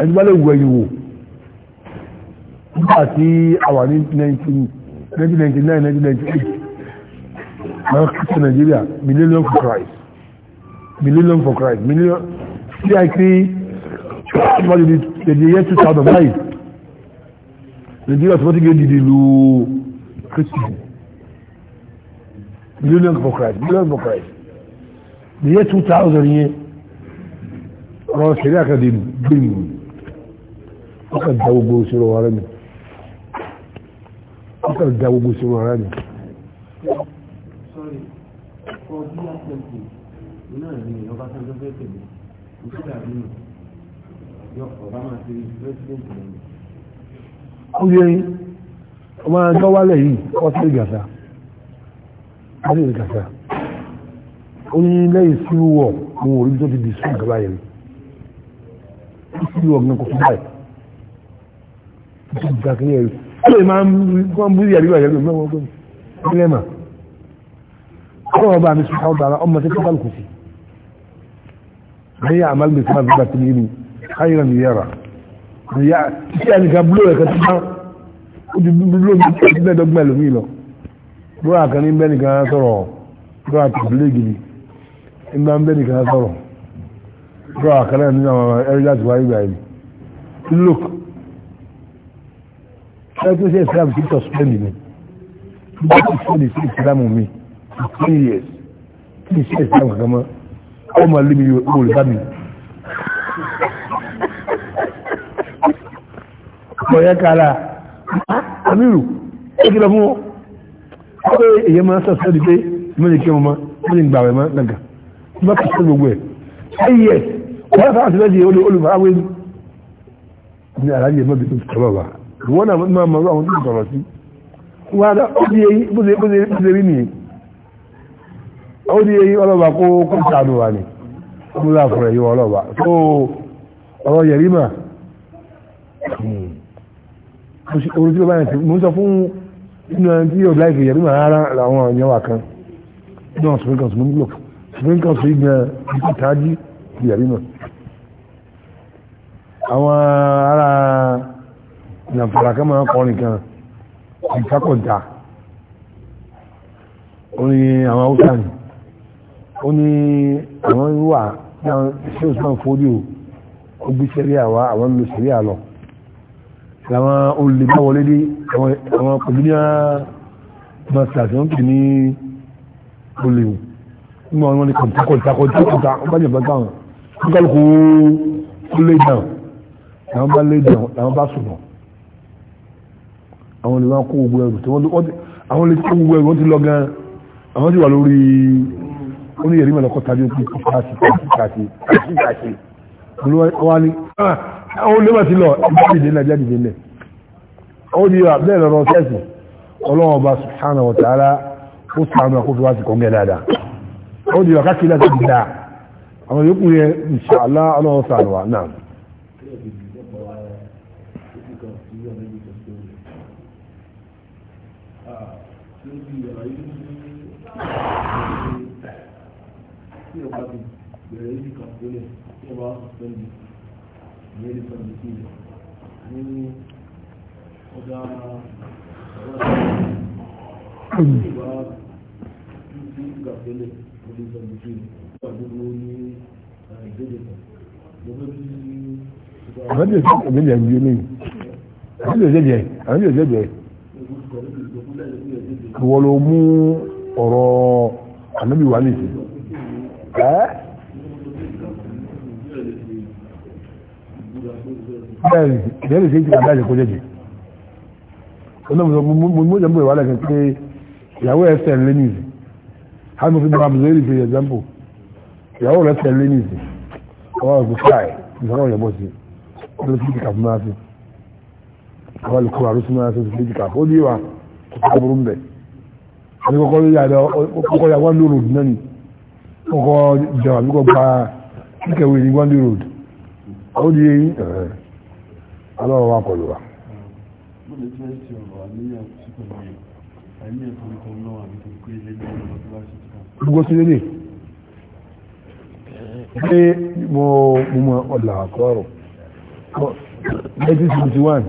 ẹni bá lè wọ ẹ̀yìn wò nígbà tí a wà ní 1999-1998 máa kí sí nàìjíríà million for Christ million for Christ million cik ní ọdún yẹ 2009 nàìjíríà tó bá ti gé dìde lu christian million for christ million for christ the year two thousand yẹn ọ̀rọ̀ sẹ̀rí àkàdé gbẹ̀mù ó kà da gbogbo òṣèrò wa rẹ̀ mi ó kà da gbogbo òṣèrò wa mi. náà ni ọba sanjọ ó yẹ ọmọ ẹjọ́ wálẹ̀ yìí ọtí gàṣà ọtí gàṣà ó ní lẹ́yìn sí wọ̀ mo wò rí tó ti di sí ìjọba yẹn ó sì wọ̀ gan kò tó báyìí ó sì gbà kí ní ẹ̀rí ó lè máa ń bú ìyàrí wà yẹn lóun mẹ́wọ́n gbọ́n mà ìyá tí ẹnìkan búlò ẹ̀kẹ́ tó bá ó ti búlò mi tó ti mẹ́ẹ̀dọ́gbọ̀n ẹlòmíì lọ búrọ̀ àkànní ń bẹ́nìkan sọ̀rọ̀ búrọ̀ àtàbílẹ̀ gidi ń bá ń bẹ́nìkan sọ̀rọ̀ búrọ̀ àkànní nínú àwọn ẹ̀rí láti wáyé gbà yìí look ẹgbẹ́ sí islam sí suspend mi bá ti fún mi sí islam mi for three years kí n sí islam kankan mọ́ ọmọ lé mi olùbá mi. ọ̀yẹ́ kára ah, amíru ẹgbẹ̀rẹ̀ fún ọ́ pé èyẹ máa sọ̀sọ́ di pé mẹ́rin kí ọmọ mẹ́rin gbà rẹ̀ máa gàgà bá kà sí gbogbo ẹ̀ ayẹ wọ́n fà sí lẹ́jì olùfàwé ní aláàjì ẹ̀mọ́ bí sọ̀rọ̀ wà wọ́n náà máa mọ̀ àwọn tó sọ̀rọ̀ sí wọ́n á ó di èyí bó ṣe rí nìyí ó di èyí ọlọ́ba kó kó sàánù wà ní ọmọlá fún ẹ̀yọ ọlọ́ba tó ọ̀rọ̀ yẹ̀rí mà. Hmm orí tí ó bá yẹn ti mo ń sọ fún inú ẹni tí yóò láìpẹ́ yẹn nígbà rárá làwọn èèyàn wà kan ní àwọn supreme council mo nílò supreme council yìí gan ibi tààjí ti yẹ̀rí náà àwọn ará nàfàlà kan máa kọrin kan ìtakọ̀dà orin àwọn haúsá ni ó ní àwọn wà ní àwọn ṣé òṣùpá fódíò ó gbé sẹ́ríà wá àwọn ń lo sẹ́ríà lọ àwọn olùdíbáwọlé dé àwọn kòmíníà masters wọ́n kì ní olèwò nígbà wọn ni kọ̀tàkọ̀tàkọ̀tà wọ́n bá jẹ̀bá táwọn wọ́n kálukú lé dáhùn làwọn bá lé dáhùn làwọn bá sùnà àwọn olè wọn kó gbogbo ẹrù tí wọ́n àwọn olè kó gbogbo ẹrù wọ́n ti lọ gan àwọn ti wà lórí oníyẹ̀rí mẹ́lẹ́kọ̀tà bí ó ti kọ́ káàkiri káàkiri káàkiri káàkiri àwọn olóòwò ti lọ ẹgbẹ́ ìdílé náà jáde délẹ̀ ó di bẹ́ẹ̀ lọ́rọ̀ sẹ́ẹ̀sì ọlọ́wọ́ ọba subhanahu wa ta'ala ó sàánú àkóso wá sí kọ́ngẹ́ dáadáa ó di ọ̀ká kí láti dá àwọn yòókù yẹn غير تنبيهية يعني وضع وضع sí ìgbàgbélé orí ìgbàgbélé ìgbàgbélé ní ìgbàgbélé àwọn yóò jẹ́ ìgbàgbélé ẹ̀rù yẹn lẹ́yìn àwọn yóò jẹ́ jẹ́ àwọn yóò jẹ́ jẹ́ ìwọ ló mú ọ̀rọ̀ ànábìwá nìyí. bẹ́ẹ̀ ìdẹ́rù sí ìjìnlẹ̀ àdáyé kó jẹ́jẹ́ onímọ̀jọ́ mú ìwà lẹ́kẹ̀ẹ́ pé ìyàwó ẹ̀ sẹ̀ lé nìyí hàmì fún bàbá zèrè fi ẹ̀zẹ́mpù ìyàwó rẹ̀ sẹ̀ lé nìyí ọwọ́ ẹ̀kú fáì ìsọ̀rọ̀ yẹ̀ bọ́ sí ọdún fi jìkà fún máàsì ọwọ́ ẹ̀kú àrùn sí máàsì fi jìkà ó ní wa kókó burú mbẹ àti kókó yà wáńdó road náà ni kókó jọ àbíkó gba kíkẹwé ní wáńdó road ó ní ẹ̀ẹ́ ọlọ́run wa kọlu wa. gbogbo sí lélẹ̀ pé mo mú mọ ọ̀là àkọ́rọ̀ 1971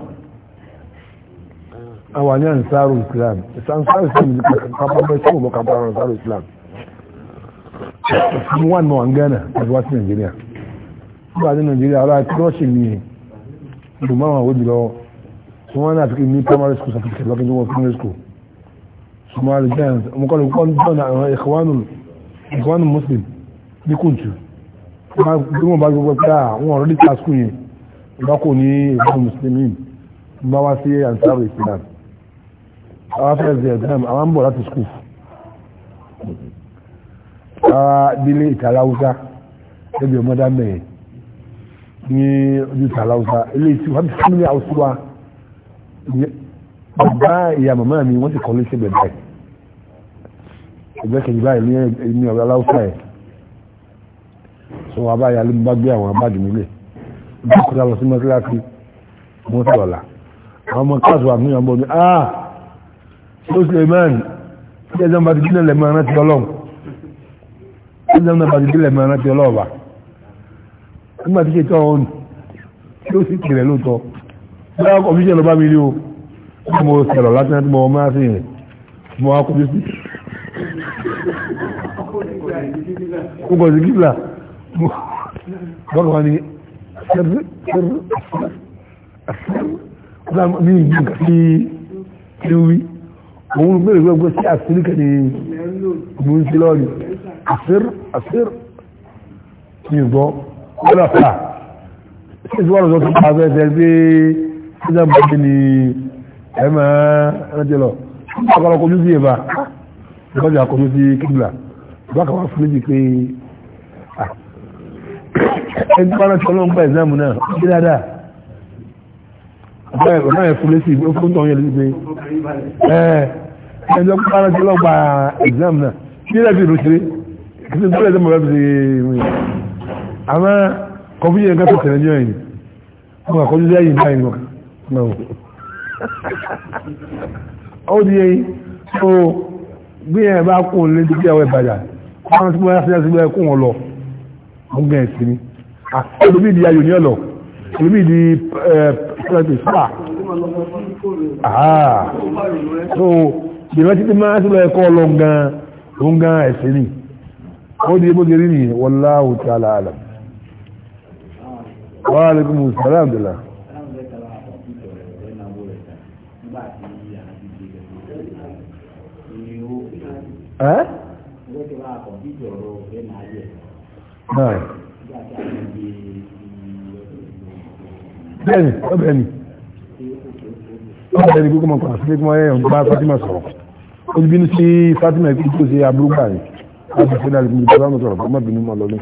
àwọn ní ansaru islam ansaru islam ní kápápá sí òmò kápá ansaru islam fún wọn náà ń gánà àti wá sí nàìjíríà wọ́n wà ní nàìjíríà ara tí wọ́n ṣe nìyẹn lù mọ́ àwọn àwọn òbí lọ́wọ́ tí wọ́n náà fi ní primary school certificate lọ́kẹ́ tó wọ́n primary school somali giants ọmọkọ́lù kọ́ ní jọ́nà àwọn ìkọwánù ìkọwánù muslim ní kùntù bí wọ́n bá gbogbo pé à ah, wọ́n rọ́lí ta school yẹn ìbá muslimin bá wá sí ansaru islam àwọn afẹ́rẹ́ sí ẹ̀dá àwọn ń bọ̀ láti school ara délé ìtàlá haúsá ẹbí ní ojú tààlà ọ̀sá ilé tí wọ́n ti fún mi àwòsí wa bàbá ìyá màmá mi wọ́n ti kọ́ lé ṣẹ́gbẹ̀ báyìí ẹgbẹ́ kejì báyìí ní ọ̀rẹ́ aláwọ̀sá ẹ̀ sọ wọn abáyà ló bá gbé àwọn abáàgì nílé bá kọjá lọ sí mọ́síláàsì wọ́n ti ọ̀la àwọn ọmọ káàsù wà fún ìyàmbọ̀ ní ah ṣé ó sì lè máa ní ṣé ẹjọ́ bá ti dín lẹ́mọ̀ rántí ọlọ́run ẹjọ́ bá ti dín nígbà tí ṣe tọ́ ọ̀hún tí ó sì kìrẹ̀ lóòótọ́ bí wọ́n kọ̀ fi ṣe lọ bá mi rí o wọ́n mo sọ̀rọ̀ láti náà tí mo máa fi rìn mo wá kó bí sí. mo kọ̀ sí kíbla mo bọ́kà wá ní ṣẹ́rú ṣẹ́rú ṣẹ́rú mi ní nǹkan sí kíwí òun bèrè gbogbo sí àṣírí kan ní mo ọ̀nà fà ṣíṣe wọ́n lọ́dọ̀ tó pa abẹ́ẹ̀fẹ́ pé ṣíṣe bọ́ọ̀dì ni ẹ máa rántí lọ ọ̀pọ̀lọpọ̀ kojú sí ẹ̀bà lọ́dọ̀ àkójú sí kíbla bákan wá fún méjì pé ah. ẹni tó bá rántí ọlọ́run pa ẹ̀sáàmù náà ó ṣe dáadáa ọ̀pọ̀ náà ẹ̀fún lẹ́sì ó fún tọ́yìn lẹ́sì pé ẹni tó bá rántí ọlọ́run pa ẹ̀sáàmù náà kí àmọ́ kọfíyẹ nǹkan tó tẹ̀lé jẹ́ yìí wọ́n àkọ́jú jẹ́ yìí báyìí nǹkan náà ó di yẹ́ tó bí ẹ̀ bá kún un lé dúkìá wẹ̀ bàjá wọ́n ti wáyé sílẹ̀ sílẹ̀ kún un lọ wọ́n gẹ̀ sí ni olùmí di ayò ní ọ̀lọ̀ olùmí di pẹ̀lẹ́tì sáà so ìrẹ́ títí máa ẹ̀sìn ni ó di ebó gẹ̀rí nìyẹn wallahu ta'ala alam wa alaikum salam dila ẹ́ bẹ́ẹ̀ni ọbẹ̀ni ọbẹ̀ni kókó mọ̀ pàṣẹ pé kí wọ́n yẹn gba Fatima sọ̀rọ̀ ó bínú sí Fatima ìpínlẹ̀ tó ṣe aburú láti fẹ́ dàrí kí wọ́n bá mọ̀ sọ̀rọ̀ kó má bínú mọ̀ lọ́lẹ́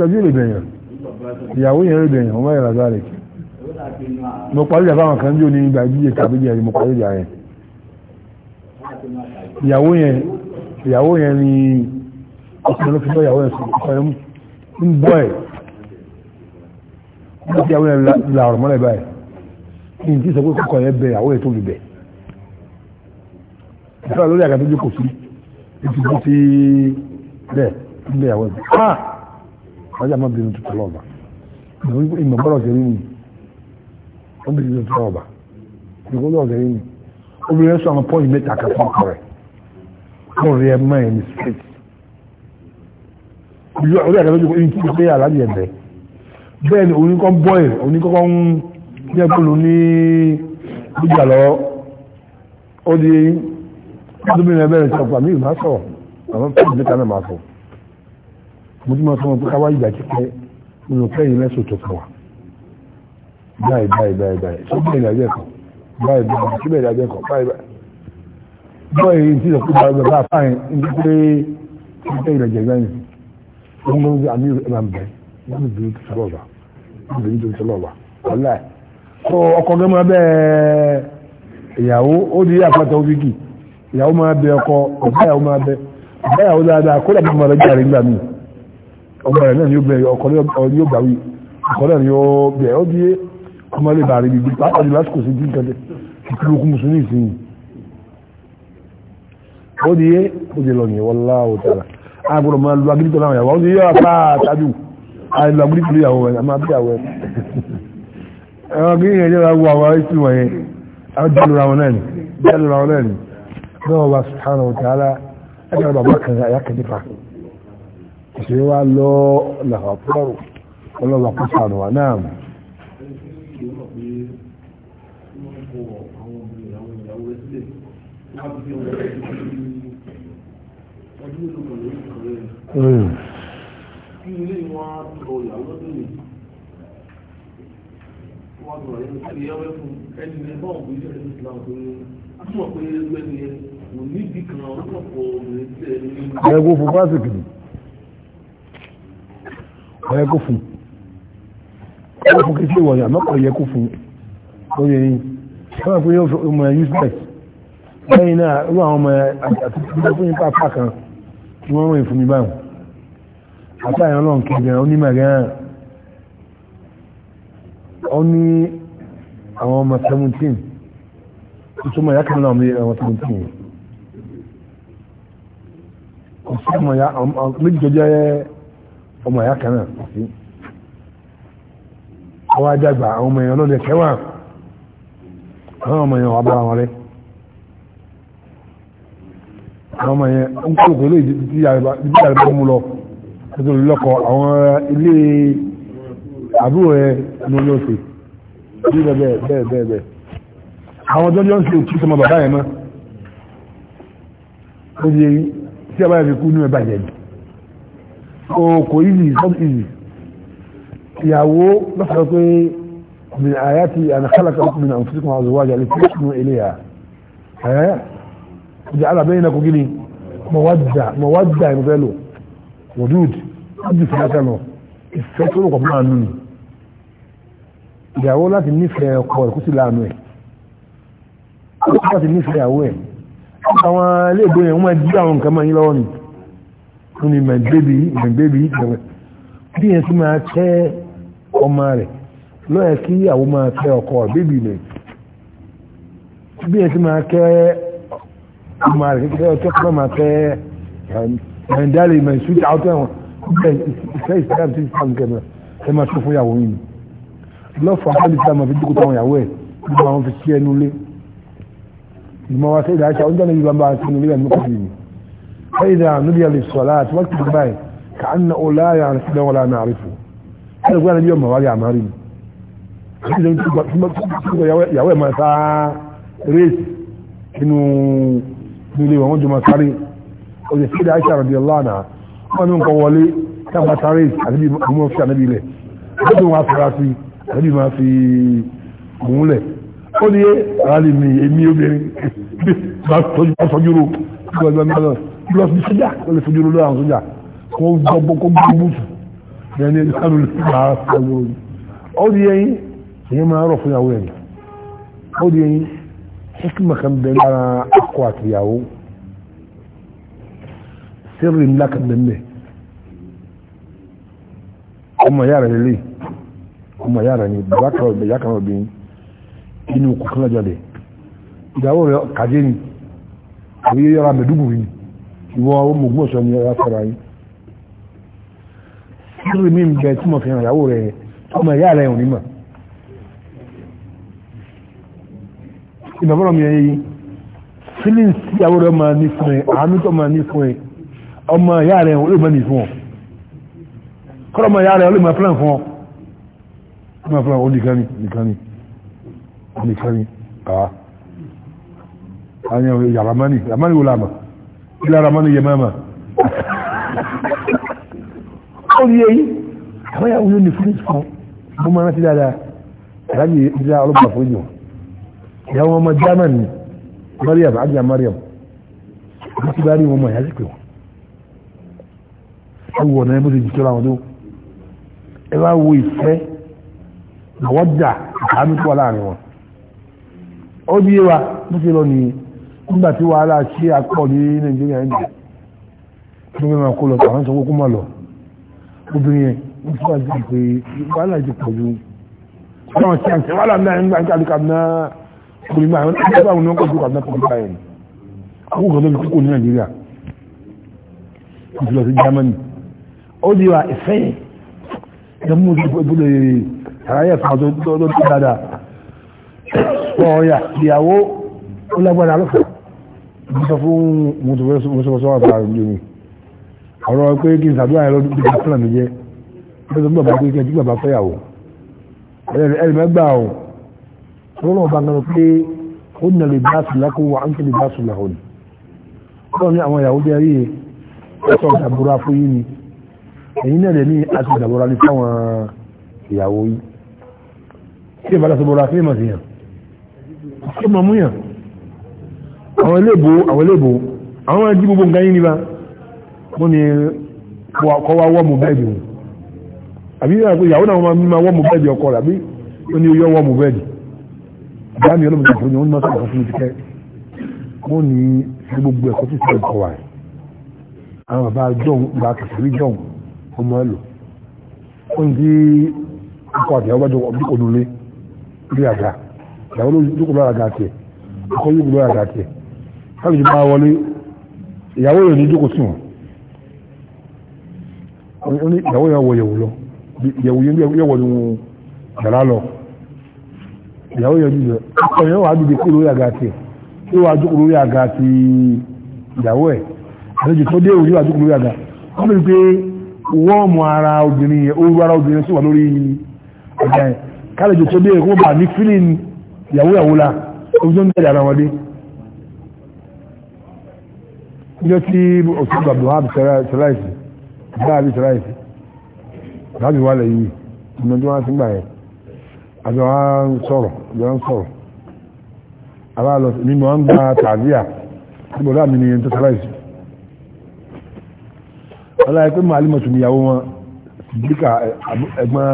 tọ́jú lè bẹ̀yàn ìyàwó yẹn lè bẹ̀yàn ọmọ yẹn làzá rẹ̀ mo parí ìjà fáwọn kan jó ní ìgbà ìdíje tàbí jẹ́ mo parí ìjà yẹn ìyàwó yẹn ìyàwó yẹn ni ọkùnrin ló fi bọ́ ìyàwó yẹn sọ ọkọ yẹn ń bọ́ ẹ̀ wọ́n ti ìyàwó yẹn la ọ̀rọ̀ mọ́lẹ̀ báyìí kí n ti sọ pé kọ́kọ́ yẹn bẹ ìyàwó yẹn tó fi bẹ̀ ìfẹ́ lórí àgàtọ́jú kò sí ètùtù ti bẹ́ẹ̀ ń ìyàwó yẹn. Ah! ọjà má bínú tó tọ́lọ́ ọba ìmọ̀ bọ́lá ọ̀sẹ̀rí ni ó bínú tó tọ́lọ́ ọba ìgbọ́lá ọ̀sẹ̀rí ni obìnrin sọ àwọn pọ́ìntì mẹ́ta kan fún ọkọ rẹ̀ kọ́ rí ẹ mọ́ ẹ̀ ní street orí àgbẹ̀ lójú ìyí tí pé àlàbí ẹ̀bẹ̀ bẹ́ẹ̀ ni oníkọ́ bọ́ẹ̀ oníkọ́kọ́ ń jẹ́ pẹ̀lú ní gbígbà lọ ó di ọdún mìíràn bẹ̀rẹ̀ sọ̀pọ̀ àmì ìmásọ̀ àwọn pọ́ìntì mẹ́ta náà máa sọ̀rọ̀ mo ti máa fún wọn pé káwá ìgbà kíkẹ́ nínú kẹ́yìn lẹ́sùn tó kàn wá báyìí báyìí báyìí báyìí tó bẹ̀rẹ̀ ìdájọ́ ẹ̀kọ́ báyìí báyìí tó bẹ̀rẹ̀ ìdájọ́ ẹ̀kọ́ báyìí báyìí báyìí tí ìdọ̀kú bá bẹ̀ bá fáyìn ní pé kíkẹ́ ìlẹ̀ jẹ̀ gbẹ́yìn ó ń gbọ́n àmì ìrẹ̀mà bẹ̀ wọ́n ti bìrì tó sọ̀rọ̀ wà wọ́n bìrì tó sọ̀rọ̀ wà so ọkọ gẹ́gẹ́ máa bẹ́ ìyàwó ó di àpáta òfìkì ìyàwó máa bẹ ọkọ ọ̀gá ìyàwó máa bẹ ọ̀gá ìyàwó dáadáa kó dàbí ọmọ rẹ̀ jáde ọmọ rẹ̀ náà ni ó bẹ̀rẹ̀ ọkọ̀ ni ó gbàwí ọkọ̀ náà ni ó bẹ̀rẹ̀ ó díye ọmọ lè bàárẹ̀ ibi pápá ní lásìkò sí dín kẹtẹ ìkúlùkù mùsùlùmí ìsinyìí ó díye ó díye lọ nìyẹn wọlá òtàlà agbọ́dọ̀ máa lu agídí tọ́lá ìyàwó ó díye apá àtàjù àìlú agídí tọ́lá ìyàwó ẹ̀ àmà bí àwẹ̀ ẹ̀rọ agídí yẹn yẹra wo àwọn ẹ̀sìn wọ̀nyẹn àwọn jẹ́lura wọn náà ni jẹ́lura wọn náà ni سوى الله لغفر الله قصان ونام ẹgbẹ́ fún fásitì ọ̀yẹ́ kó fún ọ̀yẹ́ fún kéṣe wọ̀nyà mọ́kọ̀ ọ̀yẹ́ kó fún oyè yìí wọ́n fún yóò fún ọmọ useless lẹ́yìn náà irú àwọn ọmọ àtúntò fún yípa apá kan tí wọ́n rìn fún mi báwọn àtà ìran náà kẹjẹ onímọ̀ gan ó ní àwọn ọmọ seventeen tuntun mọ̀ yákan náà ọmọ seventeen ọ̀sán mọ̀ yá méjì tó jẹ́ ọmọ ìyá kan náà kò sí àwọn ajágbà àwọn ọmọ èèyàn lọ́dẹ kẹwàá àwọn ọmọ èèyàn wà bá wọn rẹ àwọn ọmọ èèyàn ń kó pẹ̀lú ìdí àrẹ̀bá mú lọ ẹjọ́ lọ́kọ̀ àwọn ilé àbúrò ẹ ní olóò sí bí bẹ́ẹ̀ bẹ́ẹ̀ bẹ́ẹ̀ bẹ́ẹ̀ àwọn ọjọ́ jọ ń ṣe òkú sọmọ bàbá yẹn mọ́ ó di tí a bá yẹ fi kú nínú ẹ bàjẹ́ ni kò easy it's not easy ìyàwó lọ́sọ̀rọ̀ pé min àyàtì ànàkálàkà ọkùnrin min àǹfíṣkùn àzọwájà lè fi ṣùgbọ́n eléyà ẹ́ ìjà alábẹ́yìn náà kò gíní mọ̀wádà mọ̀wádà ìmọ̀fẹ́ lò wòdúd ájú fìlàkà lọ ìfẹ́ tó lọ́kọ̀ máa nù ìyàwó láti nífẹ̀ẹ́ ọkọ rẹ̀ kó sì láàánú ẹ̀ láti nífẹ̀ẹ́ ìyàwó ẹ̀ àwọn ilé ìgbóyè wọn máa jí àwọn nǹkan máa yín lọ́wọ́ nìí fún ni my baby my baby gbẹ̀rẹ̀ bí yẹn sì máa tẹ́ ọmọ rẹ̀ lọ́yẹ̀ kí àwọn máa tẹ́ ọkọ bébì rẹ̀ bí yẹn sì máa tẹ́ ọmọ rẹ̀ kékeré ọtí ọkọ máa tẹ́ um, my darling my sweet out ẹ̀wọ̀n bẹ́ẹ̀ ìfẹ́ ìsìlẹ̀ àti ìsìlẹ̀ kẹ́mẹ́ ẹ máa sọ fún ìyàwó yìí lọ́fọ̀ àti ìsìlẹ̀ máa fi dúkú táwọn ìyàwó ẹ̀ nígbà wọn fi sí ẹnu lé ìgbìmọ̀ wa sẹ́yìn àṣà oúnjẹ náà yìí bá ń bá a sínú lé ẹ̀ nípa ìyìí فإذا نودي للصلاة وقت البيت كأنه لا يعرفنا ولا نعرفه هذا قال اليوم ما يا مارين يا وين ما سا ريس إنه نولي ومجد ما ساري ويسيد عائشة رضي الله عنها wọ́n ní kọwọlé tàbà tàrí àdébí mọ́ fi àdébí ilẹ̀ ọdún wọn fara sí àdébí máa fi òun lẹ̀ ó ní àálì mi èmi obìnrin bá sọjúrò gbọ́gbọ́n náà lọ sí sójà ó lè fojú olóòrùn sójà kó gbogbo kó gbogbo fún ẹni ìsàlù lọ́gbà ọgbọ̀n ó di ẹyin èyí máa rọ̀ fún ìyàwó ẹ̀yìn ó di ẹyin hikima kan bẹ lára akọ àti ìyàwó sírì ńlá kan bẹ mẹ ọmọ yàrá lélẹ̀ ọmọ yàrá ni bàbá kan ọbẹ yàrá kan ọbẹ inú kòkànlá jáde ìyàwó rẹ kàdé ni òye yàrá mẹdúgbò ni ìwọ mọ̀gbọ́sọ ni ọ̀rá fọ́ra yìí sírì mí bẹ tí mo fi hàn ìyàwó rẹ̀ ọmọ ìyá rẹ̀ òní mọ̀ ìbàbọ̀rọ̀ mi ẹyẹ yìí feelings ìyàwó rẹ̀ máa ní fún ẹ àánú tó máa ní fún ẹ ọmọ ìyá rẹ̀ olè máa ní fún ọ kọ́ ọmọ ìyá rẹ̀ olè máa fúnra fún ọ ọmọ fúnra ọ nìkan ni nìkan ni nìkan ni àá àwọn ìyàrá mánì ìyàrá mánì wò láàmà ilé ara mọ́nu yẹ mọ́mọ́ ó rí èyí àwọn yàwó yóò ní fúnni fún bó máa rántí dáadáa aláàbí ìdílé ọlọ́gbà fún yìí ìyàwó ọmọ german ni mariam ajá mariam wọ́n ti bá rí wọn mọ̀ ẹ̀yà sí pé wọn ẹ wọ̀ náà bó ti jìtọ́ láwọn tó ẹ bá wo ìfẹ́ àwọn jà àánú tó wà láàrin wọn ó bí wa bó ti lọ nìyí nígbà tí wàhálà sí àpọ̀ ní nàìjíríà ń jẹ́ tó gbé máa kó lọ tàwọn sọ kókó máa lọ obìnrin yẹn ń fún àti pé wàhálà ti pọ̀ ju àwọn tí a ń sẹ́ wàhálà náà ń gbà ń kàlùkà náà kò máa ń tẹ́lẹ̀ báwọn náà kò ju kàdúnà kò ni àkókò tó fi kókó ní nàìjíríà kò sí germany ó di wa ìfẹ́ yẹn ìdàmú ìbúlẹ̀ àráyà kan tó tó dáadáa ọ̀ọ́yà ìyàwó ó lágbára lọ́fẹ̀ẹ́ sọ fún mọ̀sọ̀wọ́sọ́ àbá ìlú mi ọ̀rọ̀ pé kí n sàdúrà ẹ̀rọ tó ti fúnra mi jẹ́ ẹ̀rọ tó ń bàbá pé kí n ti bàbá fẹ́yàwó ẹ̀rì mẹ́gbà ọ̀ ọlọ́run bá ń gbọ́ pé ó nà lè bá sùn lákò wà ń kéde bá sùn làwọn ni ọlọ́run ní àwọn ìyàwó jẹ́ rí ẹ̀ sọ ìdàbọ̀ra fún yín ni ẹ̀yin náà lè ní àti ìdàbọ̀ra ní fáwọn ìyàwó yìí kí ìbálòsọ̀bọ̀ra àwọn eléèbó àwọn eléèbó àwọn ẹjí gbogbo nǹkan yìí níbá mú ni kọ́ wá wọ́mù bẹ́ẹ̀dì òun àbí ìyàwó náà wọ́n máa wọ́mù bẹ́ẹ̀dì ọkọ rẹ̀ àbí ó ní oyó wọ́mù bẹ́ẹ̀dì àbámi ọlọ́mọdé fún yẹn ó ní máa sọ̀rọ̀ fún mi ti kẹ́ ìyàwó ló dúkùú lọ́ra ọkọ̀ yóò dúkùú lọ́ra káàkiri máa wọlé ìyàwó yóò ní jókòó sí wọn ó ní ìyàwó yẹn wọ yẹ̀wò lọ yẹ̀wò yẹn yẹ̀wò wọ nínú yàrá lọ ìyàwó yẹn dìde ọkọ yẹn wàá dìde kúrò lórí àga tiẹ̀ tí wàá jókòó lórí àga ti ìyàwó ẹ̀ àlejò tó dé òní wàá jókòó lórí àga wọ́n mẹ́rin pé wọ́ọ̀mù ara obìnrin yẹn ooru ara obìnrin sì wà lórí àga yẹn kálejò tó dé kó bá ní fílìn ìyàwó yàwó la ó fi tó ń tẹ̀lé ara wọn dé níjọ́ tí òtún gbàgbọ́ hábì sẹ́láìsì dáàbì sẹ́láìsì láti wà lẹ́yìn ìmọ̀ tí wọ́n ti gbà yẹn àjọ wa ń sọ̀rọ̀ àjọ wa ń sọ̀rọ̀ àbá lọ ní mo ń gba tàbíà tí bọ̀dá mi ni ẹni tó sẹ́láìsì ọlọ́yẹ pé màálí mọ̀tún ìyàwó wọn bíkà ẹ̀gbọ́n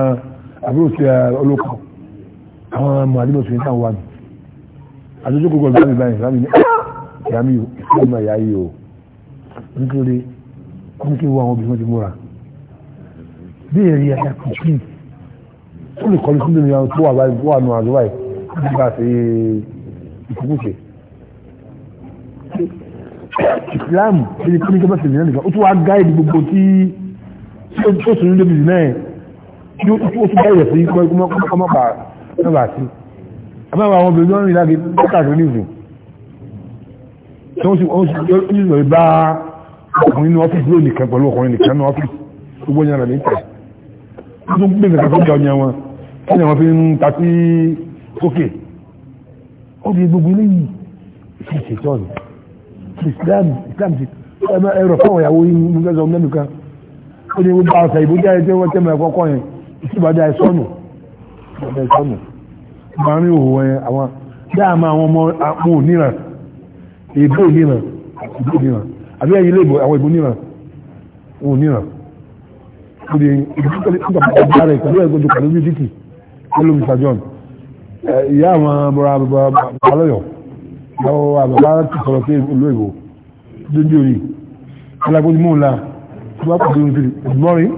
àbúrò sí olóko àwọn màálí mọ̀tún ìyàwó wa ni àjọjọ́ gbogbo ọ̀gbọ́n mi báyìí láti ní ah, ìyá mi ìfúnmọ̀ ìyá yìí o nítorí wọ́n ti wọ àwọn obìnrin ti múra bí èrè ẹ̀ka kìkì ó lè kọ́lé sílẹ̀ níyàwó tó wà báyìí tó wà nù àdúrà yìí nígbà tí ìkúkúṣe ìsìláàmù ẹni tó ní kí wọ́n ṣe nìyẹn nìkan ó tún wá gáìdì gbogbo tí ó sì ń lébi jù náà tí ó tún gáìdì sí kọ́mọ́bà náà sí àbáwọ̀ àwọn obìnrin náà rí láti káàkiri nìyẹn tó ń sì ń lọ bá ọkùnrin ní ọ́fíìsì ló nìkan pẹ̀lú ọkùnrin nìkan ní ọ́fíìsì gbogbo yẹn rẹ̀ níta ó tún gbé nìkan tó jẹ ọyàn wọn kí ni wọn fi ń ta sí sókè ó di gbogbo eléyìí ìfẹ́ ìṣètò ọ̀nà Islam Islam ti ẹ̀rọ fún ọ̀yàwó yìí mú fẹ́ sọ ọmọ nìkan ó ní gbogbo àṣà ìbò jáde tí wọ́n tẹ́mọ̀ ẹ̀kọ́ kọ́yìn ìṣèbàdà ẹ̀sọ́nù ìṣèbàdà ẹ̀sọ́nù máa ń rí òwò yẹn àwọn dáàmú àwọn ọmọ àwọn òníran ìbò òníran ìbò òníran àbí ẹ̀yìn ilé ìbò àwọn ìbò níran òun níran kò dé ìgbàgbọ́ rẹ̀ pẹ̀lú ẹ̀gbọ́jọ pẹ̀lú mísíkì pẹ̀lú mr john ìyá àwọn bọ̀rọ̀ bàbá lọ́yọ̀ lọ́wọ́ àbàbá ti sọ̀rọ̀ pé ìlú ìbò dójú orí alágbójú mú ńlá tí wọ́n pàdé orí ìgbọ́rin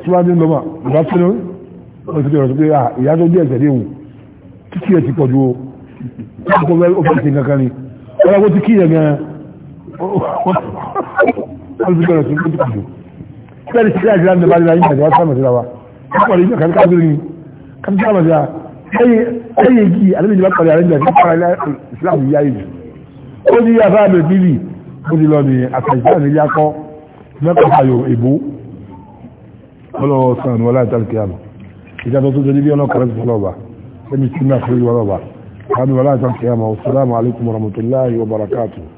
tí wọ́n dé ń lọ́mà bàbá fẹ́lẹ́ wọ́n ti sọ̀rọ̀ pé ìyá tó dé ẹ̀sẹ̀ léwu kíkí ẹ̀ ti pọ̀ ju o ó fẹ́ ṣe kankan ni ọlọ́gbó ti kí yẹn gan-an wọ́n ti bẹ̀rẹ̀ sí ní kótó kùdù bẹ́ẹ̀ sí àjẹ́ àjẹ́ bá yín àjẹ́ wọ́n sáàmù síra wa wọ́n yín kàrí káàkiri ni kàrí sáàmù síra ẹ̀yẹ igi àdébìjì bá kọ̀rọ̀ àrẹ́jẹ̀ sí kọ́ra ilẹ̀ Islam yíyá yìí ó ní afẹ́ àmì bíbí ó ti lọ ní àtàìsíà ní yákọ́ mẹ́kọ̀ọ́ ayò èbó ọlọ́wọ́ sàn wọlé àtàlùkẹ́ àmọ́ ìjàdọ̀ tó tẹ́lẹ̀ bí ọ̀nà kọ̀rẹ́ sí ọlọ́ba ẹni tí mi àfẹ́ ìwọ́lọ́ba àmì wọlé alaikum warahmatullahi wabarakatuh